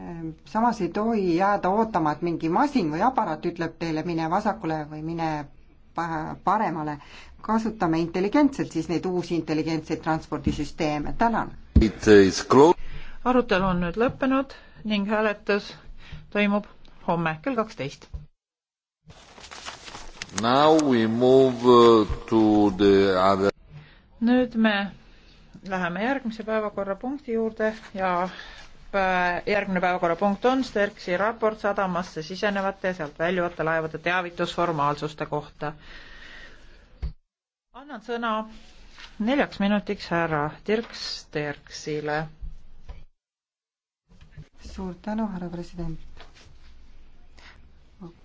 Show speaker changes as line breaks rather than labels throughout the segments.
Ehm, samas ei tohi jääda ootama, et mingi masin või aparaat ütleb teile, mine vasakule või mine paremale. kasutame intelligentselt siis neid uusi intelligentseid transpordisüsteeme, tänan!
arutelu on nüüd lõppenud ning hääletus toimub homme kell kaksteist. Uh, nüüd me läheme järgmise päevakorrapunkti juurde ja Äh, järgmine päevakorrapunkt on Sterksi raport sadamasse sisenevate ja sealt väljuvate laevade teavitusformaalsuste kohta. annan sõna neljaks minutiks härra Dirk Sterksile.
suur tänu, härra president.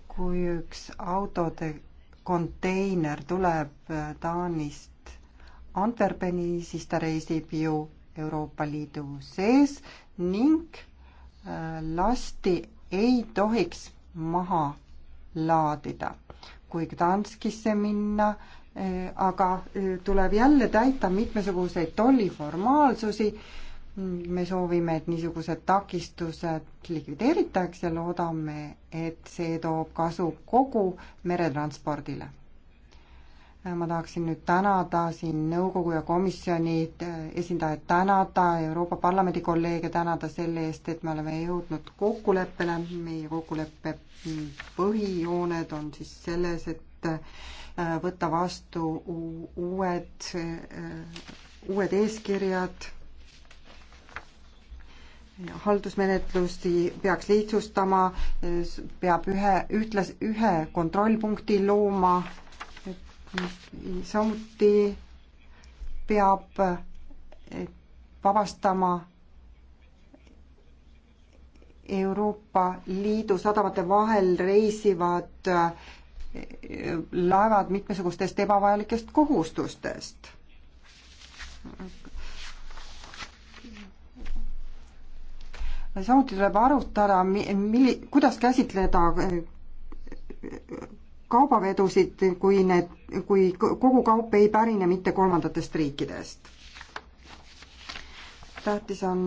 kui üks autode konteiner tuleb äh, Taanist Antwerpeni, siis ta reisib ju Euroopa Liidu sees ning äh, lasti ei tohiks maha laadida. kui Gdanskisse minna, äh, aga äh, tuleb jälle täita mitmesuguseid tolliformaalsusi, me soovime, et niisugused takistused likvideeritaks ja loodame, et see toob kasu kogu meretranspordile ma tahaksin nüüd tänada siin nõukogu ja komisjoni äh, esindajaid tänada, Euroopa Parlamendi kolleege tänada selle eest, et me oleme jõudnud kokkuleppele, meie kokkuleppe mm, põhijooned on siis selles, et äh, võtta vastu uued, äh, uued eeskirjad, haldusmenetlusi peaks lihtsustama, peab ühe, ühtlas-, ühe kontrollpunkti looma samuti peab eh, vabastama Euroopa Liidu sadamate vahel reisivad eh, laevad mitmesugustest ebavajalikest kohustustest. samuti tuleb arutada, milli-, kuidas käsitleda eh, kaubavedusid, kui need, kui kogu kaup ei pärine mitte kolmandatest riikidest. tähtis on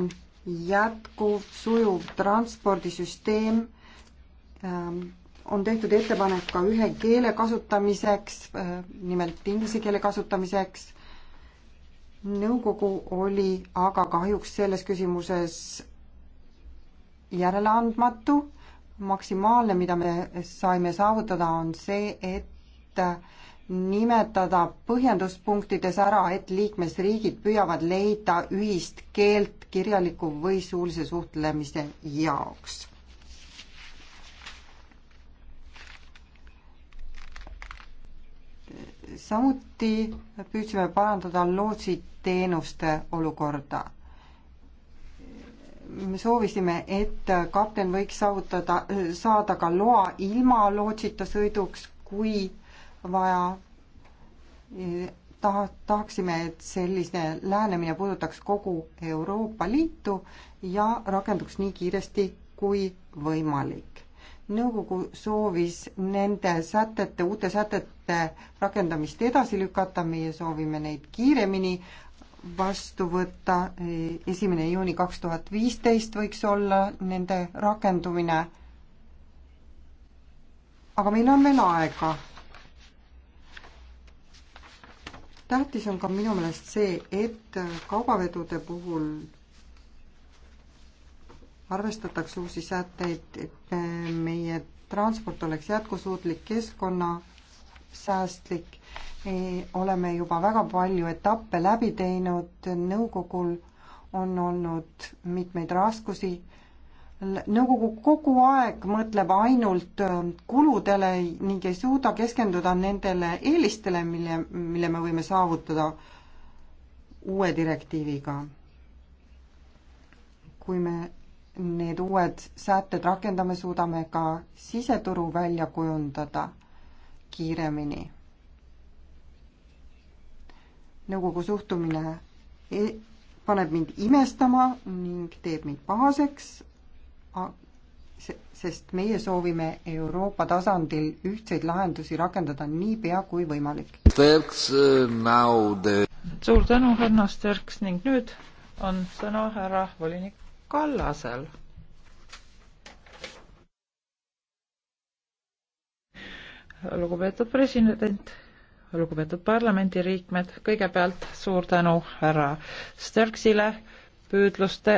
jätkuv sujuv transpordisüsteem, ähm, on tehtud ettepanek ka ühe keele kasutamiseks, äh, nimelt inglise keele kasutamiseks, nõukogu oli aga kahjuks selles küsimuses järeleandmatu maksimaalne, mida me saime saavutada, on see, et nimetada põhjenduspunktides ära, et liikmesriigid püüavad leida ühist keelt kirjaliku või suulise suhtlemise jaoks. samuti püüdsime parandada lootsiteenuste olukorda me soovisime, et kapten võiks saavutada, saada ka loa ilma lootsita sõiduks, kui vaja. taha, tahaksime, et selline lähenemine puudutaks kogu Euroopa Liitu ja rakenduks nii kiiresti kui võimalik. nõukogu soovis nende sätete, uute sätete rakendamist edasi lükata, meie soovime neid kiiremini vastu võtta, eh, esimene juuni kaks tuhat viisteist võiks olla nende rakendumine. aga meil on veel aega. tähtis on ka minu meelest see, et kaubavedude puhul arvestatakse uusi sätteid, et meie transport oleks jätkusuutlik, keskkonnasäästlik oleme juba väga palju etappe läbi teinud, nõukogul on olnud mitmeid raskusi. nõukogu kogu aeg mõtleb ainult äh, kuludele ning ei suuda keskenduda nendele eelistele, mille, mille me võime saavutada uue direktiiviga. kui me need uued sätted rakendame, suudame ka siseturu välja kujundada kiiremini nõukogu suhtumine e-, paneb mind imestama ning teeb mind pahaseks, sest meie soovime Euroopa tasandil ühtseid lahendusi rakendada niipea kui võimalik.
Äh, suur tänu, härra Sterks ning nüüd on sõna härra volinik Kallasel. lugupeetud president lugupeetud parlamendiliikmed, kõigepealt suur tänu härra Sterksile püüdluste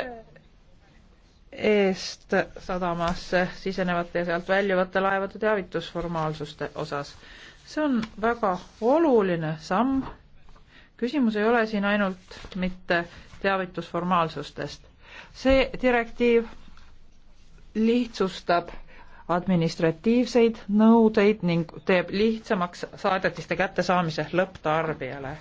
eest sadamasse sisenevate ja sealt väljuvate laevade teavitusformaalsuste osas. see on väga oluline samm. küsimus ei ole siin ainult mitte teavitusformaalsustest. see direktiiv lihtsustab administratiivseid nõudeid ning teeb lihtsamaks saadetiste kättesaamise lõpptarbijale.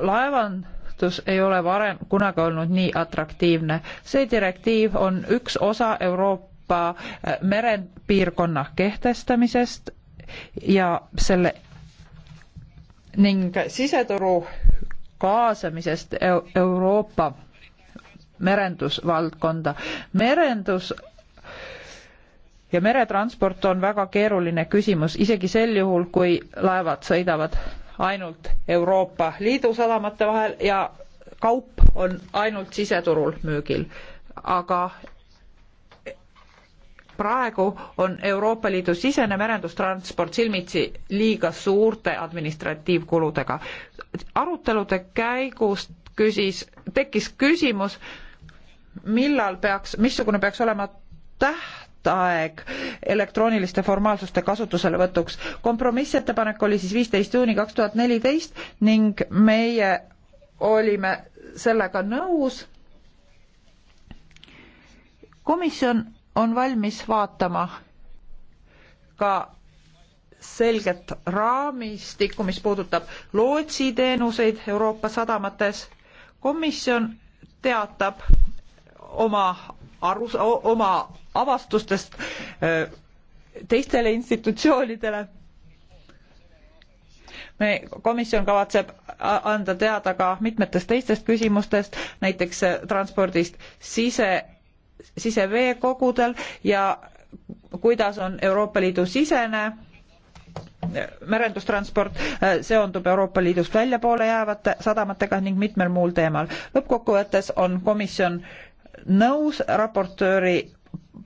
laevandus ei ole varem kunagi olnud nii atraktiivne. see direktiiv on üks osa Euroopa äh, merepiirkonna kehtestamisest ja selle ning siseturu kaasamisest Euroopa merendusvaldkonda. merendus ja meretransport on väga keeruline küsimus, isegi sel juhul, kui laevad sõidavad ainult Euroopa Liidu sadamate vahel ja kaup on ainult siseturul müügil. aga praegu on Euroopa Liidu sisene merendustransport silmitsi liiga suurte administratiivkuludega. arutelude käigus küsis, tekkis küsimus, millal peaks, missugune peaks olema täht, tähtaeg elektrooniliste formaalsuste kasutuselevõtuks. kompromissettepanek oli siis viisteist juuni kaks tuhat neliteist ning meie olime sellega nõus. komisjon on valmis vaatama ka selget raamistikku, mis puudutab lootsiteenuseid Euroopa sadamates. komisjon teatab oma aru, oma avastustest äh, teistele institutsioonidele. me, komisjon kavatseb anda teada ka mitmetest teistest küsimustest, näiteks äh, transpordist sise, siseveekogudel ja kuidas on Euroopa Liidu sisene äh, merendustransport seondub Euroopa Liidust väljapoole jäävate sadamatega ning mitmel muul teemal. lõppkokkuvõttes on komisjon nõus raportööri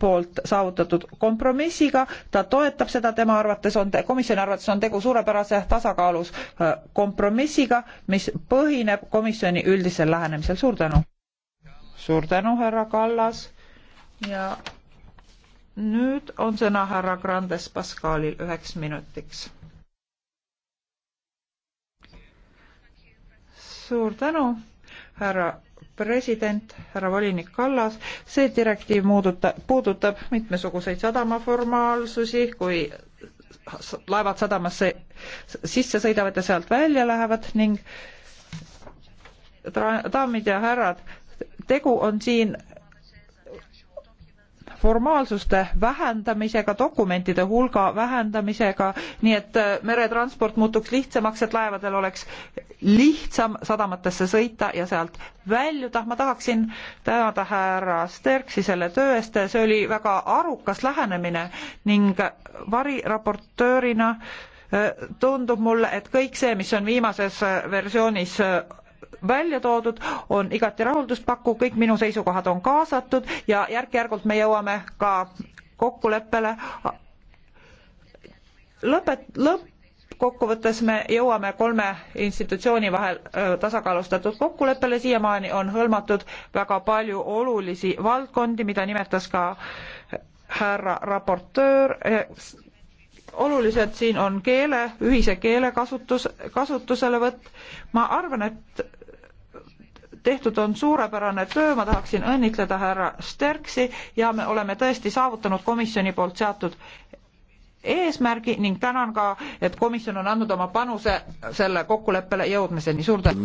poolt saavutatud kompromissiga, ta toetab seda, tema arvates on, komisjoni arvates on tegu suurepärase tasakaalus äh, kompromissiga, mis põhineb komisjoni üldisel lähenemisel, suur tänu! suur tänu, härra Kallas ja nüüd on sõna härra Grandes Pascalil üheks minutiks. suur tänu, härra president, härra volinik Kallas, see direktiiv muuduta, puudutab mitmesuguseid sadamaformaalsusi, kui laevad sadamasse sisse sõidavad ja sealt välja lähevad ning daamid ja härrad, tegu on siin formaalsuste vähendamisega, dokumentide hulga vähendamisega, nii et äh, meretransport muutuks lihtsamaks, et laevadel oleks lihtsam sadamatesse sõita ja sealt väljuda. ma tahaksin tänada härra Sterksi selle töö eest, see oli väga arukas lähenemine ning variraportöörina äh, tundub mulle, et kõik see, mis on viimases äh, versioonis välja toodud, on igati rahulduspakkuv, kõik minu seisukohad on kaasatud ja järk-järgult me jõuame ka kokkuleppele. lõpet, lõppkokkuvõttes me jõuame kolme institutsiooni vahel tasakaalustatud kokkuleppele, siiamaani on hõlmatud väga palju olulisi valdkondi, mida nimetas ka härra raportöör olulised siin on keele, ühise keele kasutus, kasutuselevõtt. ma arvan, et tehtud on suurepärane töö, ma tahaksin õnnitleda härra Sterksi ja me oleme tõesti saavutanud komisjoni poolt seatud eesmärgi ning tänan ka, et komisjon on andnud oma panuse selle kokkuleppele jõudmiseni. suur tänu.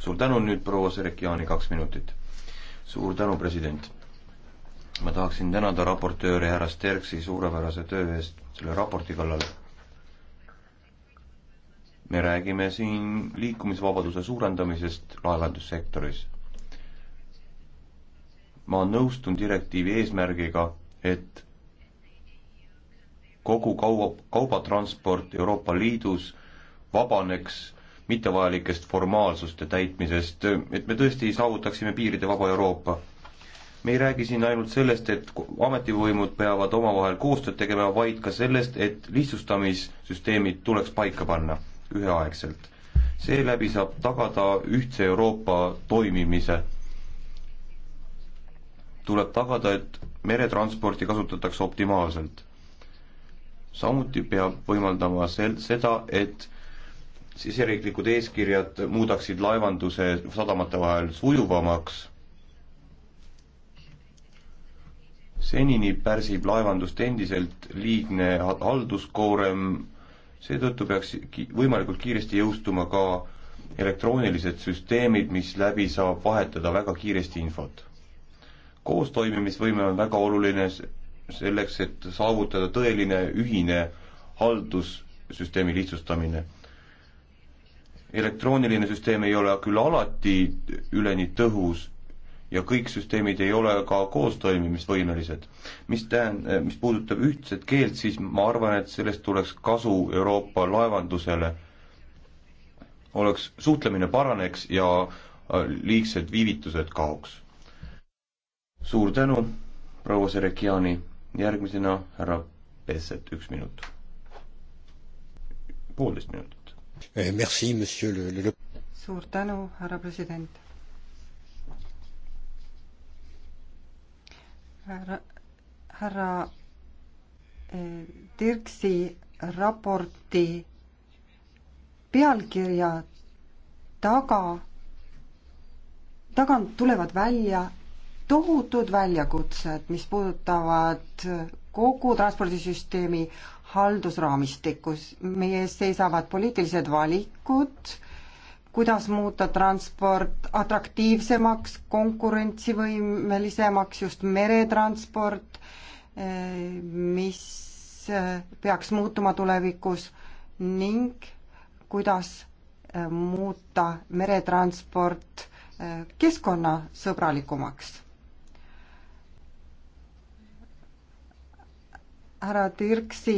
suur tänu nüüd proua Serekiani, kaks minutit. suur tänu, president ma tahaksin tänada raportööri härra Sterksi suurepärase töö eest selle raporti kallal. me räägime siin liikumisvabaduse suurendamisest laevandussektoris. ma nõustun direktiivi eesmärgiga, et kogu kaua, kaubatransport Euroopa Liidus vabaneks mittevajalikest formaalsuste täitmisest, et me tõesti saavutaksime piiride vaba Euroopa me ei räägi siin ainult sellest, et ametivõimud peavad omavahel koostööd tegema, vaid ka sellest, et lihtsustamissüsteemid tuleks paika panna üheaegselt. seeläbi saab tagada ühtse Euroopa toimimise. tuleb tagada, et meretransporti kasutatakse optimaalselt. samuti peab võimaldama sel-, seda, et siseriiklikud eeskirjad muudaksid laevanduse sadamate vahel sujuvamaks senini pärsib laevandust endiselt liigne halduskoorem, seetõttu peaks ki-, võimalikult kiiresti jõustuma ka elektroonilised süsteemid, mis läbi saab vahetada väga kiiresti infot. koostoimimisvõime on väga oluline selleks, et saavutada tõeline ühine haldussüsteemi lihtsustamine. elektrooniline süsteem ei ole küll alati üleni tõhus ja kõik süsteemid ei ole ka koostoimimisvõimelised. mis tähendab, mis puudutab ühtset keelt, siis ma arvan, et sellest tuleks kasu Euroopa laevandusele. oleks, suhtlemine paraneks ja äh, liigsed viivitused kaoks. suur tänu, proua Serekiani, järgmisena härra Pesset, üks minut. poolteist minutit. Eh, merci, monsieur le, le...
suur tänu, härra president härra, härra Tirksi eh, raporti pealkirja taga, tagant tulevad välja tohutud väljakutsed, mis puudutavad kogu transpordisüsteemi haldusraamistikus. meie ees seisavad poliitilised valikud äh,, kuidas muuta transport atraktiivsemaks, konkurentsivõimelisemaks, just meretransport, mis peaks muutuma tulevikus ning kuidas muuta meretransport keskkonnasõbralikumaks. härra Türksi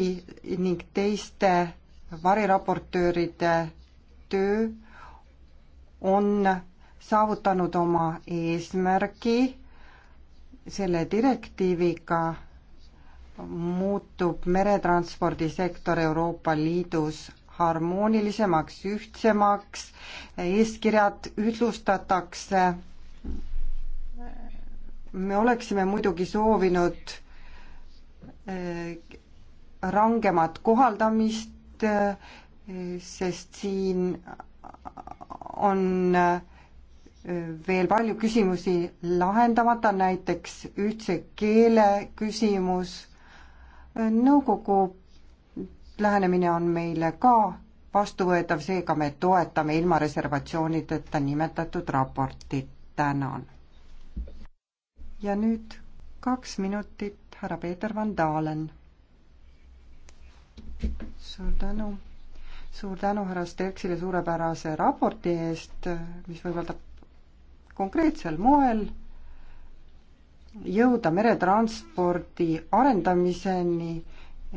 ning teiste variraportööride töö on saavutanud oma eesmärgi. selle direktiiviga muutub meretranspordisektor Euroopa Liidus harmoonilisemaks, ühtsemaks, eeskirjad ühtlustatakse. me oleksime muidugi soovinud eh, rangemat kohaldamist, eh, sest siin on äh, veel palju küsimusi lahendamata, näiteks ühtse keele küsimus. Äh, nõukogu lähenemine on meile ka vastuvõetav, seega me toetame ilma reservatsioonideta nimetatud raportit. tänan. ja nüüd kaks minutit, härra Peeter Van Dalen. suur tänu suur tänu härra Sterksile suurepärase raporti eest, mis võimaldab konkreetsel moel jõuda meretranspordi arendamiseni,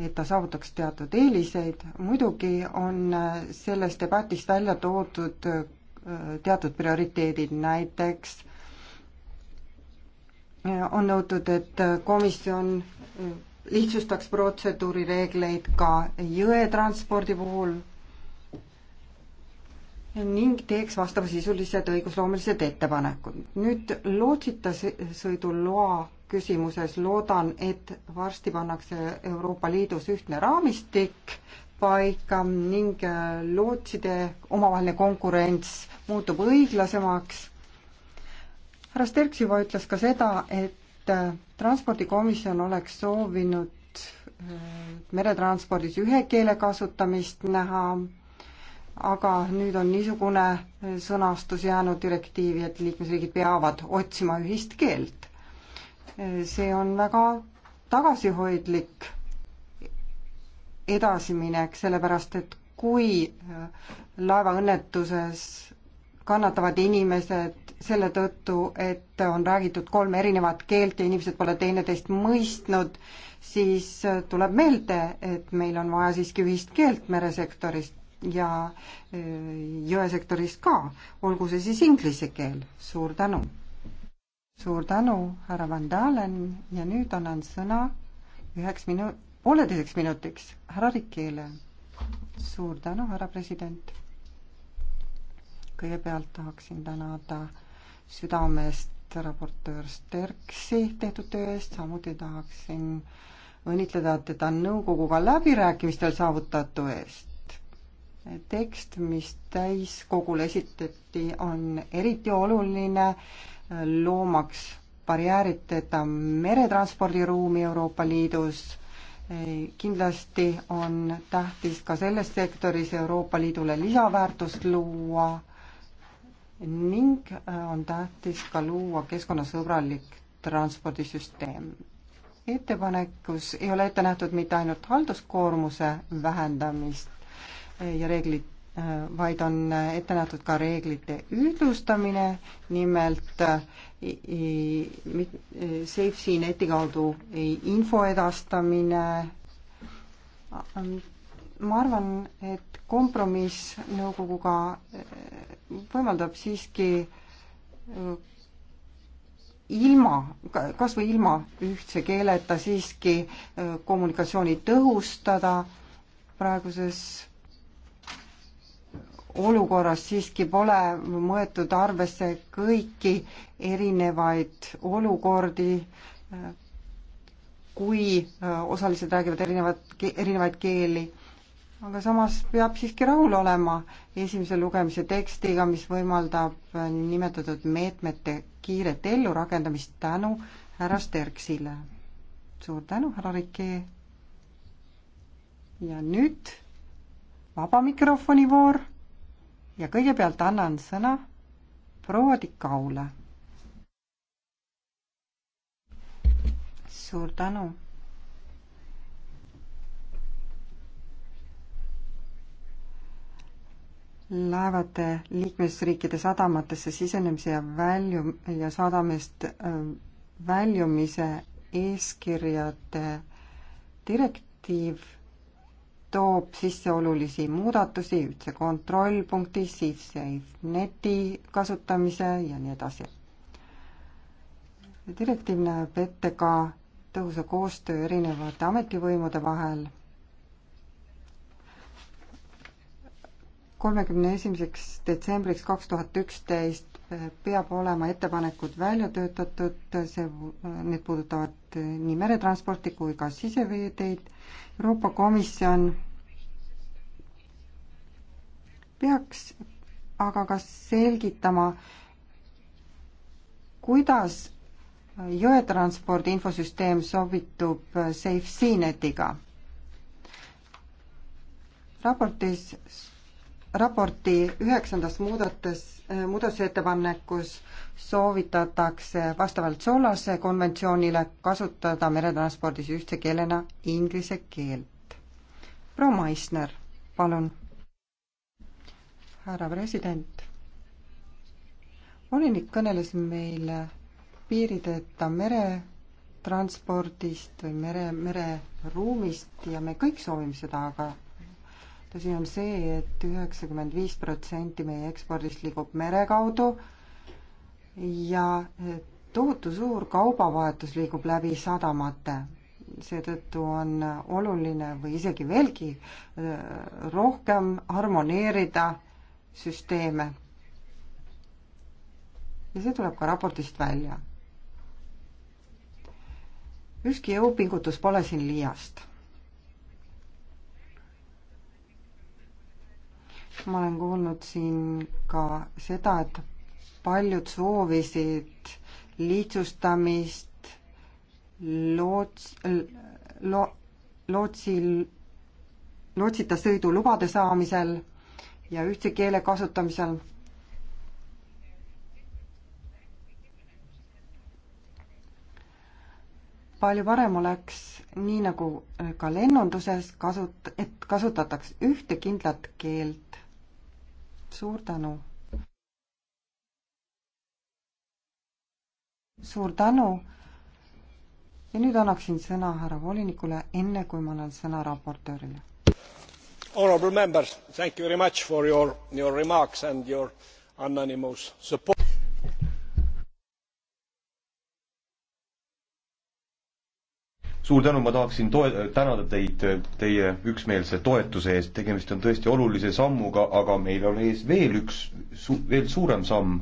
et ta saavutaks teatud eeliseid. muidugi on selles debatis välja toodud äh, teatud prioriteedid, näiteks äh, on nõutud, et komisjon äh, lihtsustaks protseduurireegleid ka jõetranspordi puhul, ning teeks vastavasisulised õigusloomelised ettepanekud. nüüd lootsitasõiduloa küsimuses loodan, et varsti pannakse Euroopa Liidus ühtne raamistik paika ning äh, lootside omavaheline konkurents muutub õiglasemaks. härra Sterks juba ütles ka seda, et äh, transpordikomisjon oleks soovinud äh, meretranspordis ühe keele kasutamist näha aga nüüd on niisugune sõnastus jäänud direktiivi, et liikmesriigid peavad otsima ühist keelt. see on väga tagasihoidlik edasiminek, sellepärast et kui laevaõnnetuses kannatavad inimesed selle tõttu, et on räägitud kolme erinevat keelt ja inimesed pole teineteist mõistnud, siis tuleb meelde, et meil on vaja siiski ühist keelt meresektoris ja jõesektorist ka, olgu see siis inglise keel. suur tänu! suur tänu, härra Van Dalen ja nüüd annan sõna üheks minu-, pooleteiseks minutiks härra Rikile. suur tänu, härra president! kõigepealt tahaksin tänada südamest raportöör Sterksi tehtud töö eest, samuti tahaksin õnnitleda teda nõukoguga läbirääkimistel saavutatu eest tekst, mis täiskogule esitati, on eriti oluline, loomaks barjäärideta meretranspordiruumi Euroopa Liidus. kindlasti on tähtis ka selles sektoris Euroopa Liidule lisaväärtust luua ning on tähtis ka luua keskkonnasõbralik transpordisüsteem. ettepanekus ei ole ette nähtud mitte ainult halduskoormuse vähendamist, ja reeglid, vaid on ette nähtud ka reeglite ühtlustamine, nimelt SafeCNeti kaudu info edastamine. ma arvan, et kompromiss nõukoguga eh, võimaldab siiski eh, ilma, kas või ilma ühtse keeleta siiski eh, kommunikatsiooni tõhustada praeguses olukorras siiski pole mõetud arvesse kõiki erinevaid olukordi, kui äh, osalised räägivad erinevat, erinevaid keeli. aga samas peab siiski rahul olema esimese lugemise tekstiga, mis võimaldab äh, nimetatud meetmete kiiret ellurakendamist tänu härra Sterksile. suur tänu, härra Rikki. ja nüüd vaba mikrofoni voor ja kõigepealt annan sõna proua Dikaule. suur tänu. laevade liikmesriikide sadamatesse sisenemise ja välju- ja sadamist väljumise eeskirjade direktiiv toob sisse olulisi muudatusi ühtse kontrollpunkti, SafeSafeNeti kasutamise ja nii edasi. direktiiv näeb ette ka tõhusa koostöö erinevate ametivõimude vahel. kolmekümne esimeseks detsembriks kaks tuhat üksteist peab olema ettepanekud välja töötatud, see, need puudutavad nii meretransporti kui ka siseveeteid. Euroopa Komisjon peaks aga ka selgitama, kuidas jõetranspordi infosüsteem sobitub SafeCNetiga. raportis raporti üheksandas muudates, äh, muudatusettepanekus soovitatakse vastavalt Solase konventsioonile kasutada meretranspordis ühtse keelena inglise keelt. proua Maisner, palun. härra president, volinik kõneles meile piirideta meretranspordist või mere, mereruumist ja me kõik soovime seda, aga tõsi on see et, et üheksakümmend viis protsenti meie ekspordist liigub mere kaudu ja tohutu suur kaubavahetus liigub läbi sadamate. seetõttu on oluline või isegi veelgi äh, rohkem harmoneerida süsteeme. ja see tuleb ka raportist välja. ükski jõupingutus pole siin liiast ma olen kuulnud siin ka seda, et paljud soovisid lihtsustamist, loots, lo-, lootsil, lootsita sõidulubade saamisel ja ühtse keele kasutamisel. palju parem oleks, nii nagu ka lennunduses kasut-, et kasutataks ühte kindlat keelt suur tänu. suur tänu. ja nüüd annaksin sõna härra volinikule, enne kui ma annan sõna raportöörile.
Honourable members, thank you very much for your, your remarks and your anonymous support. suur tänu, ma tahaksin toe-, tänada teid teie üksmeelse toetuse eest, tegemist on tõesti olulise sammuga, aga meil on ees veel üks su-, veel suurem samm.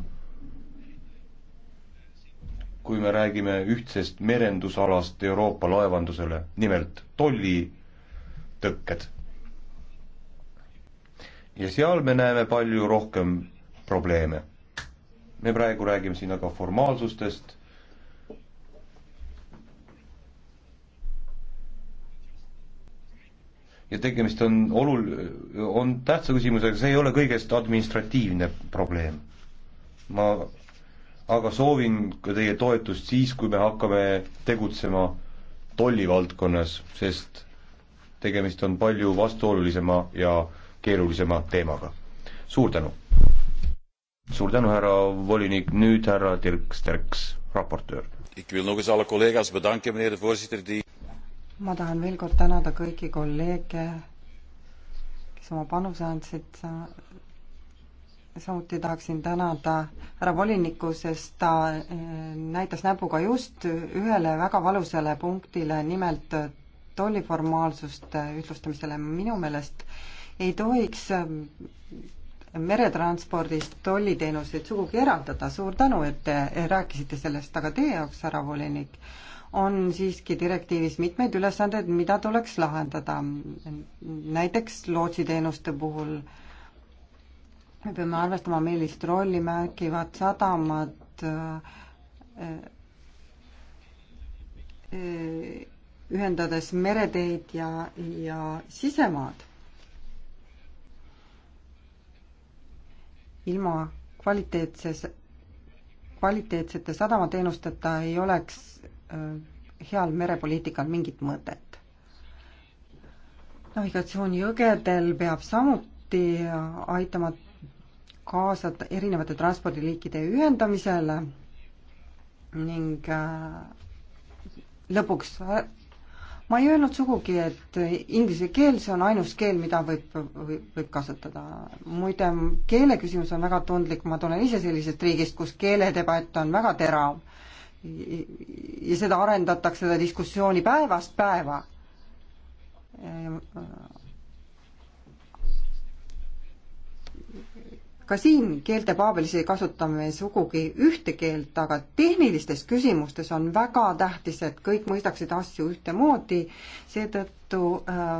kui me räägime ühtsest merendusalast Euroopa laevandusele, nimelt tollitõkked. ja seal me näeme palju rohkem probleeme. me praegu räägime siin aga formaalsustest ja tegemist on olul-, on tähtsa küsimusega, see ei ole kõigest administratiivne probleem. ma aga soovin ka teie toetust siis, kui me hakkame tegutsema tollivaldkonnas, sest tegemist on palju vastuolulisema ja keerulisema teemaga. suur tänu! suur tänu, härra volinik, nüüd härra Dirk Sterks, raportöör. Ik wil nog eens alle collega's bedanken, meneer de voorzitter, die
ma tahan veel kord tänada kõiki kolleege, kes oma panuse andsid. samuti tahaksin tänada härra volinikku, sest ta eh, näitas näpuga just ühele väga valusale punktile, nimelt tolliformaalsuste ühtlustamisele. minu meelest ei tohiks eh, meretranspordist tolliteenuseid sugugi eraldada. suur tänu, et te rääkisite sellest, aga teie jaoks, härra volinik, on siiski direktiivis mitmeid ülesandeid, mida tuleks lahendada. näiteks lootsiteenuste puhul me peame arvestama, millist rolli märgivad sadamad äh, äh, ühendades mereteid ja, ja sisemaad. ilma kvaliteetses, kvaliteetsete sadamateenusteta ei oleks Äh, heal merepoliitikal mingit mõtet. navigatsioon jõgedel peab samuti aitama kaasa erinevate transpordiliikide ühendamisele ning äh, lõpuks äh, ma ei öelnud sugugi, et inglise keel, see on ainus keel, mida võib, võib, võib kasutada. muide, keele küsimus on väga tundlik, ma tulen ise sellisest riigist, kus keeledebatt on väga terav ja seda arendatakse, seda diskussiooni päevast päeva. ka siin keelte paabelis ei kasuta me sugugi ühte keelt, aga tehnilistes küsimustes on väga tähtis, et kõik mõistaksid asju ühtemoodi, seetõttu äh,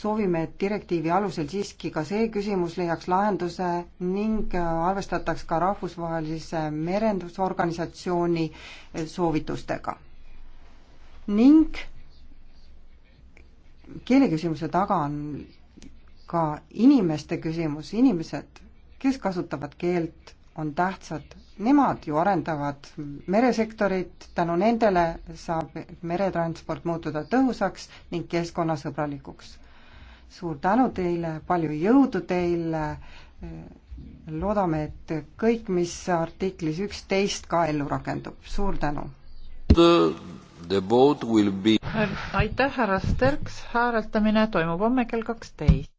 soovime, et direktiivi alusel siiski ka see küsimus leiaks lahenduse ning äh, arvestataks ka rahvusvahelise merendusorganisatsiooni äh, soovitustega. ning keeleküsimuse taga on ka inimeste küsimus, inimesed kes kasutavad keelt, on tähtsad. Nemad ju arendavad meresektorit, tänu nendele saab meretransport muutuda tõhusaks ning keskkonnasõbralikuks. suur tänu teile, palju jõudu teile, loodame, et kõik, mis artiklis üksteist ka ellu rakendub, suur tänu!
Be...
aitäh, härra Sterks, hääletamine toimub homme kell kaksteist.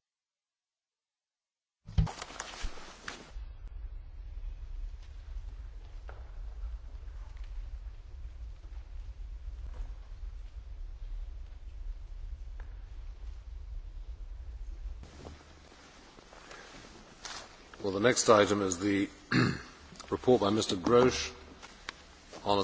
the next item is the report by mr grosch
on a